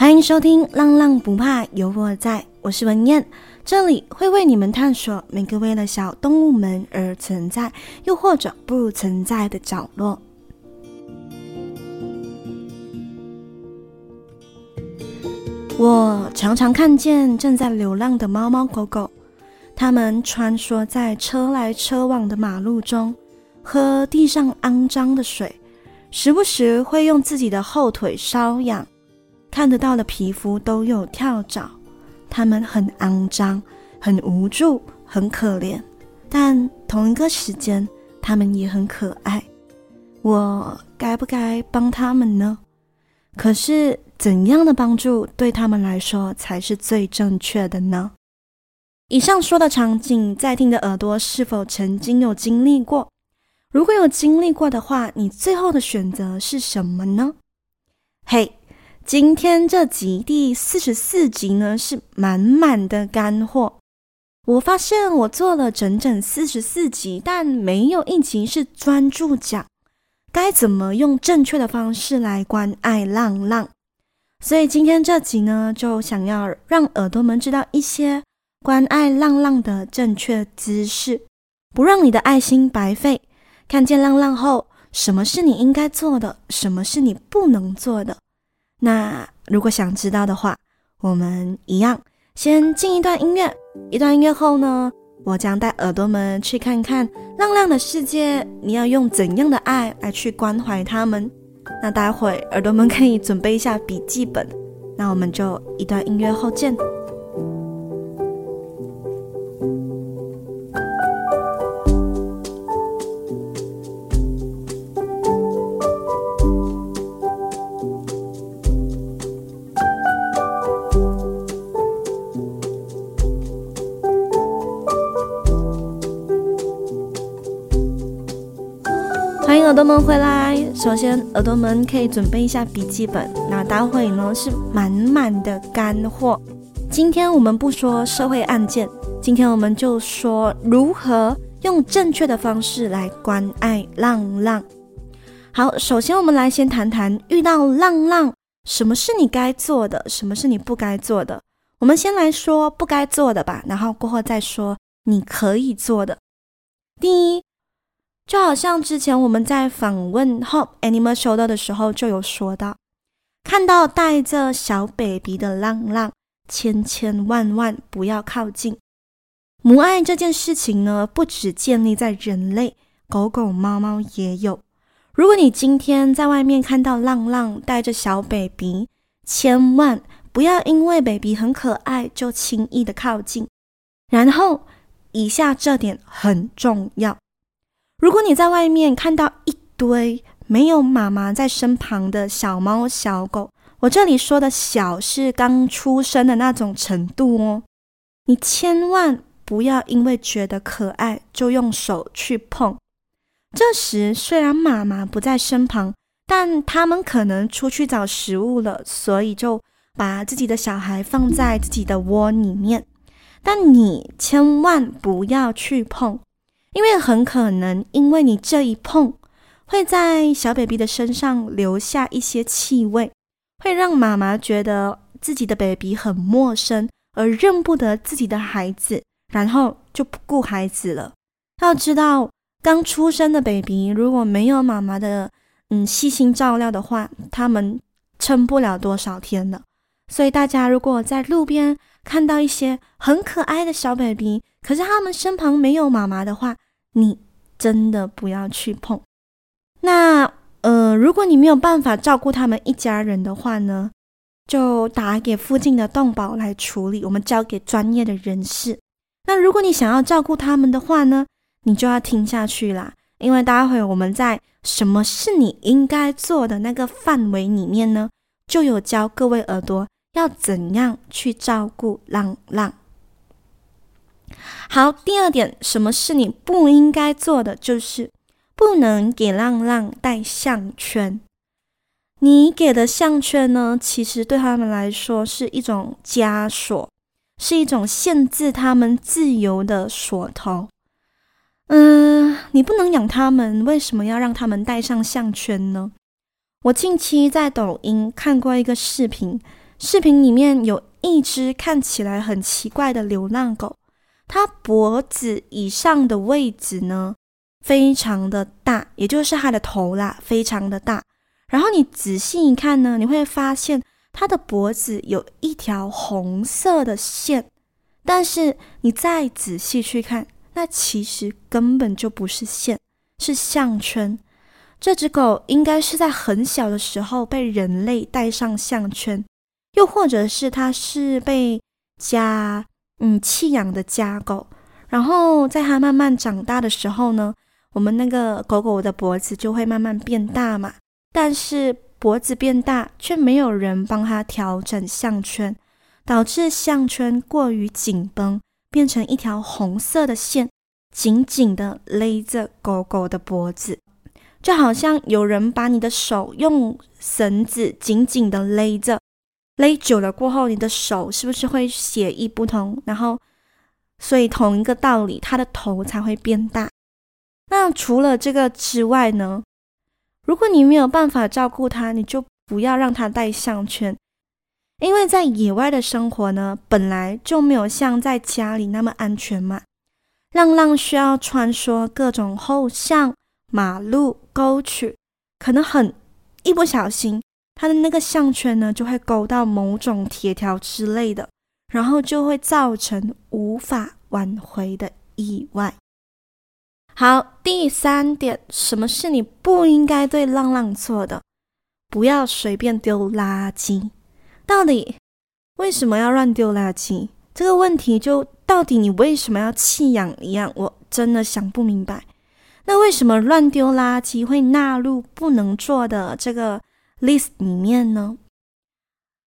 歡迎收聽《浪浪不怕有我在》，我是文燕，這裡會為你們探索每個為了小動物們而存在，又或者不存在的角落。我常常看見正在流浪的貓貓狗狗，它們穿梭在車來車往的馬路中，喝地上骯髒的水，時不時會用自己的後腿瘙癢。看得到的皮膚都有跳蚤，他們很骯髒，很無助，很可憐。但同一個時間，他們也很可愛。我該不該幫他們呢？可是怎樣的幫助對他們來說才是最正確的呢？以上說的場景，在聽的耳朵是否曾經有經歷過？如果有經歷過的話，你最後的選擇是什麼呢？嘿、hey。今天這集第四十四集呢，是滿滿的乾貨。我發現我做了整整四十四集，但沒有一集是專注講該怎麼用正確的方式來關愛浪浪。所以今天這集呢，就想要讓耳朵們知道一些關愛浪浪的正確姿勢，不讓你的愛心白費。看見浪浪後，什麼是你應該做的，什麼是你不能做的。那如果想知道的話，我們一樣先進一段音樂。一段音樂後呢，我將帶耳朵們去看看浪浪的世界。你要用怎樣的愛來去關懷他們？那待會耳朵們可以準備一下筆記本。那我們就一段音樂後見。回來，首先耳朵們可以準備一下筆記本，那待會呢是滿滿的乾貨。今天我們不說社會案件，今天我們就說如何用正確的方式來關愛浪浪。好，首先我們來先談談遇到浪浪，什麼是你該做的，什麼是你不該做的。我們先來說不該做的吧，然後過後再說你可以做的。第一。就好像之前我們在訪問《Hope Animal Show》的時候就有說到，看到帶着小 baby 的浪浪，千千萬萬不要靠近。母愛這件事情呢，不只建立在人類，狗狗、貓貓也有。如果你今天在外面看到浪浪帶着小 baby，千萬不要因為 baby 很可愛就輕易的靠近。然後，以下這點很重要。如果你在外面看到一堆沒有媽媽在身旁的小貓小狗，我這裡說的小是剛出生的那種程度哦，你千萬不要因為覺得可愛就用手去碰。這時雖然媽媽不在身旁，但他們可能出去找食物了，所以就把自己的小孩放在自己的窩裡面，但你千萬不要去碰。因為很可能，因為你這一碰，會在小 baby 的身上留下一些氣味，會讓媽媽覺得自己的 baby 很陌生，而認不得自己的孩子，然後就不顧孩子了。要知道，剛出生的 baby 如果沒有媽媽的嗯細心照料的話，他們撐不了多少天的。所以，大家如果在路邊看到一些很可愛的小 baby，可是他們身旁沒有媽媽的話，你真的不要去碰。那，呃，如果你沒有辦法照顧他們一家人的話呢，就打給附近的動保來處理，我們交給專業的人士。那如果你想要照顧他們的話呢，你就要聽下去啦，因為待會我們在什麼是你應該做的那個範圍裡面呢，就有教各位耳朵要怎樣去照顧浪浪。好，第二點，什麼是你不應該做的？就是不能給浪浪戴項圈。你給的項圈呢，其實對他們來說是一種枷鎖，是一種限制他們自由的鎖頭。嗯，你不能養他們，為什麼要讓他們戴上項圈呢？我近期在抖音看過一個視頻，視頻裡面有一只看起來很奇怪的流浪狗。它脖子以上的位置呢，非常的大，也就是它的頭啦，非常的大。然後你仔細一看呢，你會發現它的脖子有一條紅色的線，但是你再仔細去看，那其實根本就不是線，是項圈。這只狗應該是在很小的時候被人類戴上項圈，又或者是它是被加。嗯，棄養的家狗，然後在它慢慢長大的時候呢，我們那個狗狗的脖子就會慢慢變大嘛。但是脖子變大，卻沒有人幫它調整項圈，導致項圈過於緊繃，變成一條紅色的線，緊緊的勒着狗狗的脖子，就好像有人把你的手用繩子緊緊的勒着。勒久了過後，你的手是不是會血液不通？然後，所以同一個道理，他的頭才會變大。那除了這個之外呢？如果你沒有辦法照顧他，你就不要讓他戴項圈，因為在野外的生活呢，本來就沒有像在家裡那麼安全嘛。浪浪需要穿梭各種後巷、馬路、溝渠，可能很一不小心。它的那個項圈呢，就會勾到某種鐵條之類的，然後就會造成無法挽回的意外。好，第三點，什麼是你不應該對浪浪做的？不要隨便丟垃圾。到底為什麼要亂丟垃圾？這個問題就到底你為什麼要棄養一樣，我真的想不明白。那為什麼亂丟垃圾會納入不能做的這個？list 裡面呢？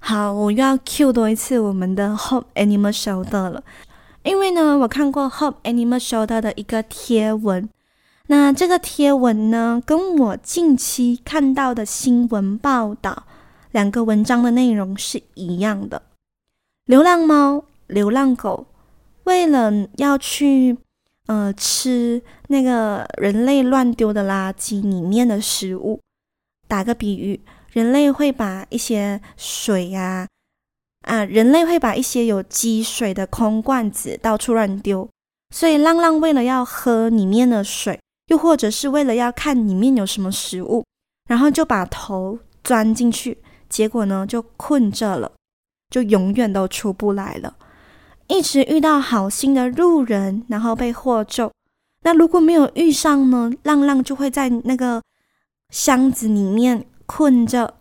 好，我又要 cue 多一次我們的 Hope Animal Shelter 了，因為呢，我看過 Hope Animal Shelter 的一個貼文，那這個貼文呢，跟我近期看到的新聞報道兩個文章的內容是一樣的。流浪貓、流浪狗為了要去呃吃那個人類亂丟的垃圾裡面的食物。打個比喻，人類會把一些水呀啊，啊，人類會把一些有積水的空罐子到處亂丟。所以浪浪為了要喝裡面的水，又或者是為了要看裡面有什麼食物，然後就把頭鑽進去，結果呢就困着了，就永遠都出不來了。一直遇到好心的路人，然後被獲救。那如果沒有遇上呢，浪浪就會在那個。箱子裡面困着，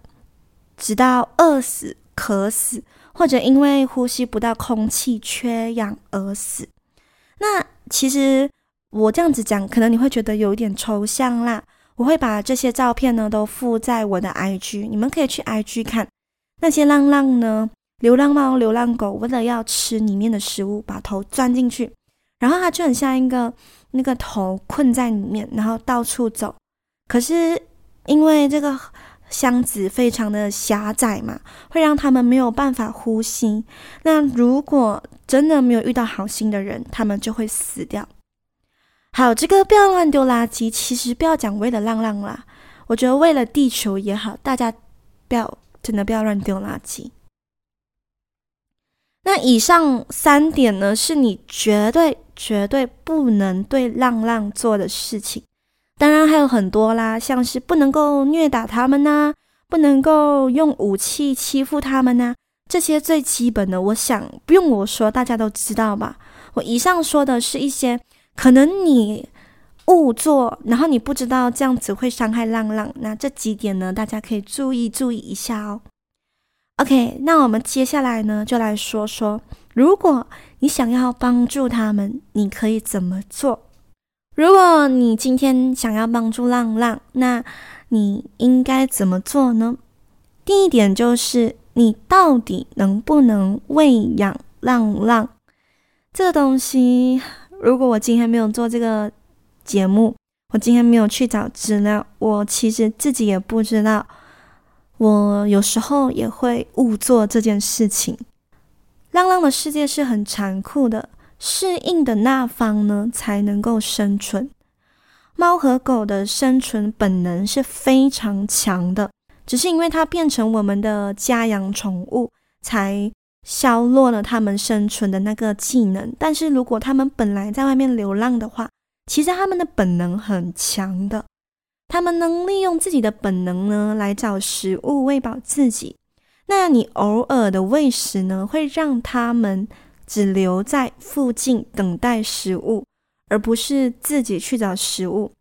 直到餓死、渴死，或者因為呼吸不到空氣、缺氧而死。那其實我這樣子講，可能你會覺得有一點抽象啦。我會把這些照片呢都附在我的 IG，你們可以去 IG 看那些浪浪呢，流浪貓、流浪狗，為了要吃裡面的食物，把頭鑽進去，然後它就很像一個那個頭困在裡面，然後到處走，可是，因為這個箱子非常的狹窄嘛，會讓他們沒有辦法呼吸，那如果真的沒有遇到好心的人，他們就會死掉。好，這個不要亂丟垃圾，其實不要講為了浪浪啦，我覺得為了地球也好，大家不要，真的不要亂丟垃圾。那以上三點呢，是你絕對絕對不能對浪浪做的事情。當然還有很多啦，像是不能夠虐打他們吶，不能夠用武器欺負他們吶，這些最基本的，我想不用我說，大家都知道吧？我以上說的是一些可能你誤做，然後你不知道這樣子會傷害浪浪。那這幾點呢，大家可以注意注意一下哦。OK，那我們接下來呢，就來說說，如果你想要幫助他們，你可以怎麼做？如果你今天想要幫助浪浪，那你應該怎麼做呢？第一點就是，你到底能不能餵養浪浪？這個東西，如果我今天沒有做這個節目，我今天沒有去找資料，我其實自己也不知道。我有時候也會誤做這件事情。浪浪的世界是很殘酷的。適應的那方呢，才能夠生存。貓和狗的生存本能是非常強的，只是因為它變成我們的家養寵物，才削弱了它們生存的那個技能。但是如果它們本來在外面流浪的話，其實它們的本能很強的，它們能利用自己的本能呢來找食物餵飽自己。那你偶爾的餵食呢，會讓他們。只留在附近等待食物，而不是自己去找食物。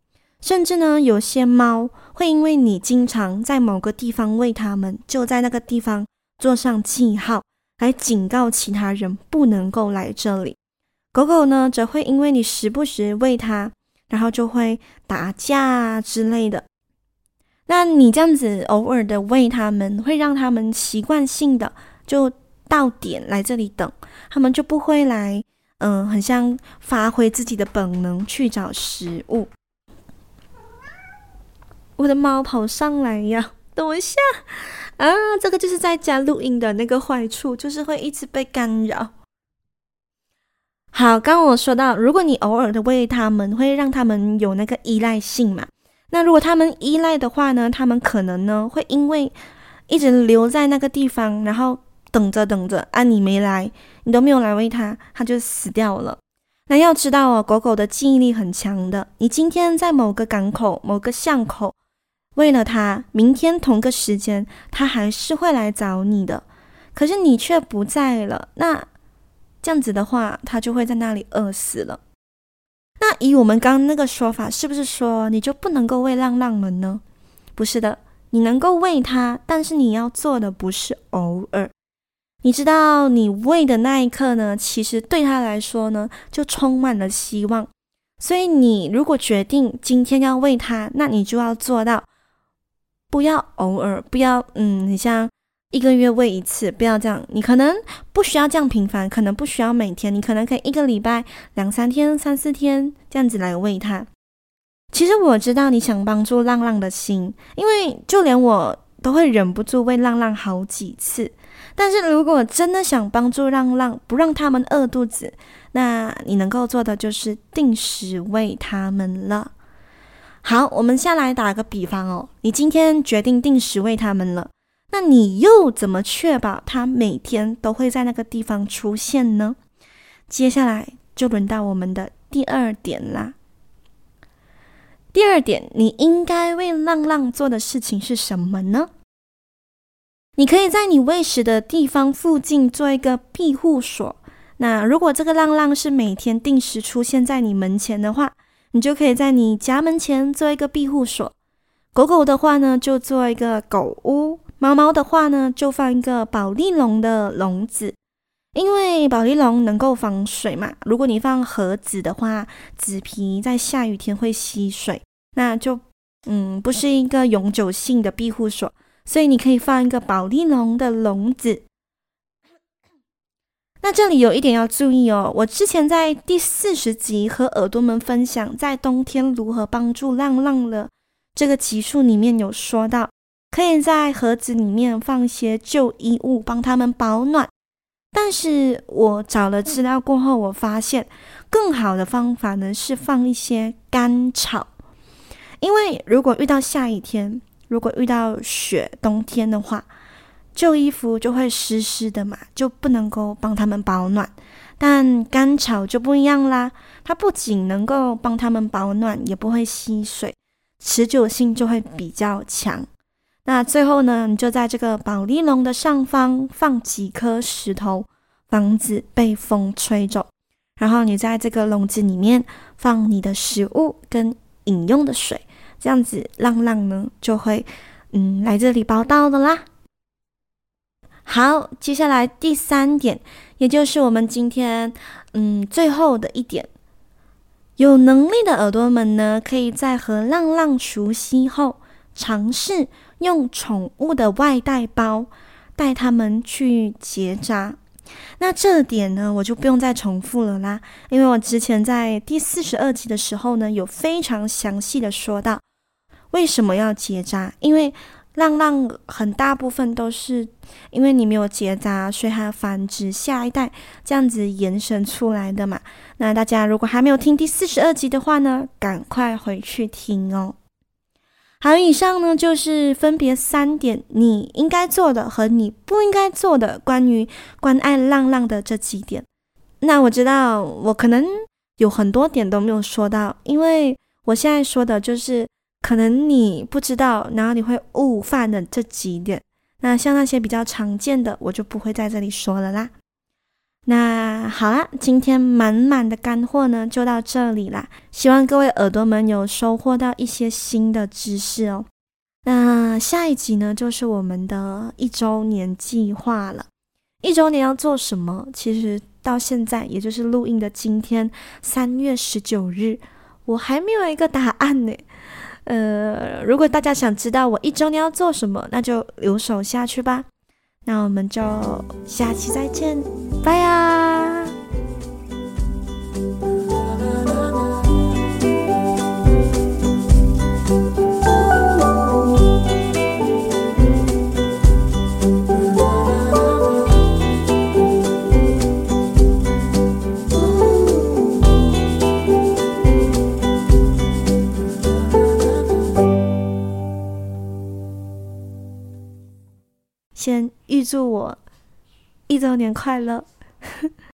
甚至呢，有些貓會因為你經常在某個地方餵它們，就在那個地方做上記號，來警告其他人不能夠來這裡。狗狗呢，則會因為你時不時餵它，然後就會打架之類的。那你這樣子偶爾的餵它們，會讓它們習慣性的就。到點來這裡等，他們就不會來。嗯、呃，很像發揮自己的本能去找食物。我的貓跑上來呀！等我一下。啊，這個就是在家錄音的那個壞處，就是會一直被干擾。好，剛剛我說到，如果你偶爾的餵它們，會讓它們有那個依賴性嘛？那如果它們依賴的話呢，它們可能呢會因為一直留在那個地方，然後。等着等着，啊你沒來，你都沒有來餵它，它就死掉了。那要知道哦、啊，狗狗的記憶力很強的。你今天在某個港口、某個巷口餵了它，明天同個時間，它還是會來找你的。可是你卻不在了，那這樣子的話，它就會在那裡餓死了。那以我們剛剛那個說法，是不是說你就不能夠餵浪浪們呢？不是的，你能夠餵它，但是你要做的不是偶爾。你知道你餵的那一刻呢，其實對他來說呢，就充滿了希望。所以你如果決定，今天要餵他，那你就要做到，不要偶爾，不要嗯，你像一個月餵一次，不要這樣。你可能不需要這樣頻繁，可能不需要每天，你可能可以一個禮拜兩三天、三四天這樣子來餵他。其實我知道你想幫助浪浪的心，因為就連我。都會忍不住餵浪浪好幾次，但是如果真的想幫助浪浪，不讓他們餓肚子，那你能夠做的就是定時餵他們了。好，我們下來打個比方哦，你今天決定定時餵他們了，那你又怎麼確保他每天都會在那個地方出現呢？接下來就輪到我們的第二點啦。第二點，你應該為浪浪做的事情是什麼呢？你可以在你餵食的地方附近做一個庇護所。那如果這個浪浪是每天定時出現在你門前的話，你就可以在你家門前做一個庇護所。狗狗的話呢，就做一個狗屋；貓貓的話呢，就放一個保麗龍的籠子。因為保麗龍能夠防水嘛，如果你放盒子的話，紙皮在下雨天會吸水，那就，嗯，不是一個永久性的庇護所，所以你可以放一個保麗龍的籠子。那這裡有一點要注意哦，我之前在第四十集和耳朵們分享在冬天如何幫助浪浪了，這個集數裡面有說到，可以在盒子裡面放些舊衣物，幫他們保暖。但是我找了資料過後，我發現更好的方法呢是放一些乾草，因為如果遇到下雨天，如果遇到雪、冬天的話，舊衣服就會濕濕的嘛，就不能夠幫他們保暖。但乾草就不一樣啦，它不僅能夠幫他們保暖，也不會吸水，持久性就會比較強。那最後呢，你就在這個保麗龍的上方放幾顆石頭，防止被風吹走。然後你在這個籠子裡面放你的食物跟飲用的水，這樣子浪浪呢就會嗯來這裡報到的啦。好，接下來第三點，也就是我們今天嗯最後的一點，有能力的耳朵們呢，可以在和浪浪熟悉後。嘗試用寵物的外帶包帶它們去結紮，那這點呢，我就不用再重複了啦，因為我之前在第四十二集的時候呢，有非常詳細的說到為什麼要結紮，因為浪浪很大部分都是因為你沒有結紮，所以還要繁殖下一代這樣子延伸出來的嘛。那大家如果還沒有聽第四十二集的話呢，趕快回去聽哦。好，以上呢就是分別三點你應該做的和你不應該做的關於關愛浪浪的這幾點。那我知道我可能有很多點都沒有說到，因為我現在說的就是可能你不知道，然後你會誤犯的這幾點。那像那些比較常見的，我就不會在這裡說了啦。那好啦，今天滿滿的乾貨呢，就到這裡啦。希望各位耳朵們有收穫到一些新的知識哦。那下一集呢，就是我們的一周年計劃了。一周年要做什麼？其實到現在，也就是錄音的今天，三月十九日，我還沒有一個答案呢。呃，如果大家想知道我一周年要做什麼，那就留守下去吧。那我們就下期再見，拜呀。週年快樂！